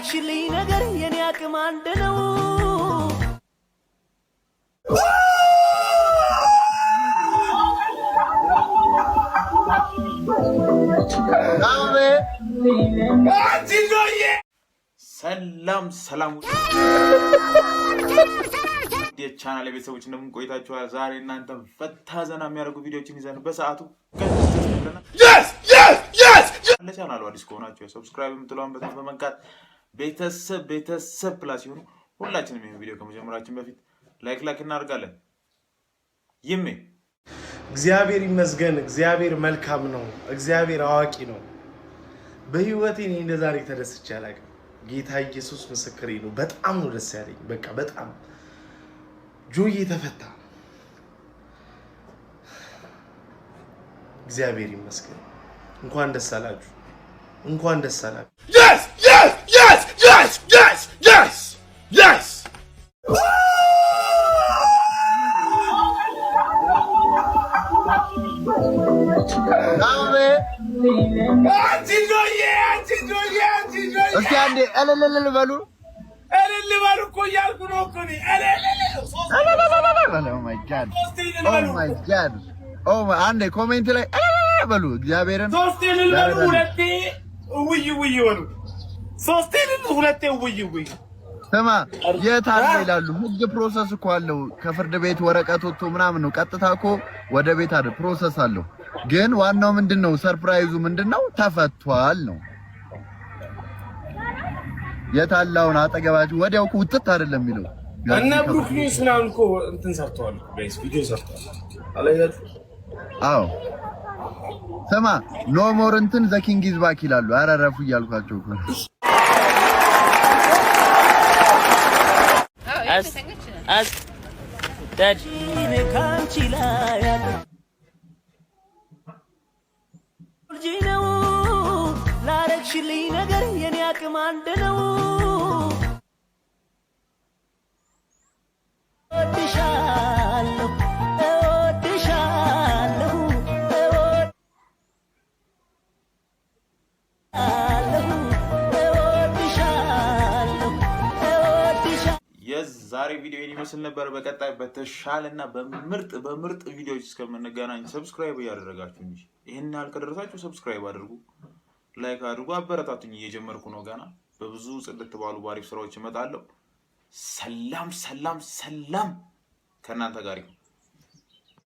ያደረግሽልኝ ነገር የኔ አቅም አንድ ነው። ሰላም ሰላም የቻናል የቤተሰቦች እንደምን ቆይታችኋል? ዛሬ እናንተ ፈታ ዘና የሚያደርጉ ቪዲዮችን ይዘን በሰዓቱ ለቻናሉ አዲስ ከሆናችሁ ሰብስክራይብ የምትለውን በመንካት ቤተሰብ ቤተሰብ ፕላስ ሲሆኑ ሁላችንም ይህን ቪዲዮ ከመጀመራችን በፊት ላይክ ላይክ እናደርጋለን። ይሜ እግዚአብሔር ይመስገን። እግዚአብሔር መልካም ነው። እግዚአብሔር አዋቂ ነው። በህይወቴ እኔ እንደዛሬ ተደስቼ አላውቅም። ጌታ ኢየሱስ ምስክሬ ነው። በጣም ነው ደስ ያለኝ። በቃ በጣም ጆዬ ተፈታ። እግዚአብሔር ይመስገን። እንኳን ደስ አላችሁ፣ እንኳን ደስ አላችሁ። yes, yes, yes, yes, yes. እስኪ አንዴ አንዴ ኮሜንት ላይ በሉ እግዚአብሔርን ሶስቴ ልበሉ ሁለቴ ውይ ውይ በሉ ሶስቴ ሁለቴ ውይ ውይ ስማ የት አለ ይላሉ። ህግ ፕሮሰስ እኮ አለው። ከፍርድ ቤት ወረቀት ወጥቶ ምናምን ነው። ቀጥታ እኮ ወደ ቤት ፕሮሰስ አለው። ግን ዋናው ምንድን ነው? ሰርፕራይዙ ምንድን ነው? ተፈቷል ነው። የት አለ አሁን አጠገባችሁ? ወዲያው እኮ ውጥት አይደለም የሚለው እና ብሩክ ኒውስ ምናምን እኮ እንትን ሰርተዋል፣ ቪዲዮ ሰርተዋል። አዎ ስማ ኖ ሞር እንትን ዘኪንግ ኢዝ ባክ ይላሉ። አረረፉ እያልኳቸው እኮ ልጅ ነው ላረግሽልኝ ነገር የኔ አቅም አንድ ነው። የዛሬ ቪዲዮ ይመስል ነበር። በቀጣይ በተሻለና በምርጥ በምርጥ ቪዲዮዎች እስከምንገናኝ ሰብስክራይብ እያደረጋችሁ እንጂ ይህን ያህል ከደረሳችሁ ሰብስክራይብ አድርጉ፣ ላይክ አድርጉ፣ አበረታቱኝ። እየጀመርኩ ነው ገና በብዙ ጽድት ባሉ ባሪፍ ስራዎች እመጣለሁ። ሰላም ሰላም ሰላም ከእናንተ ጋር ይሁን።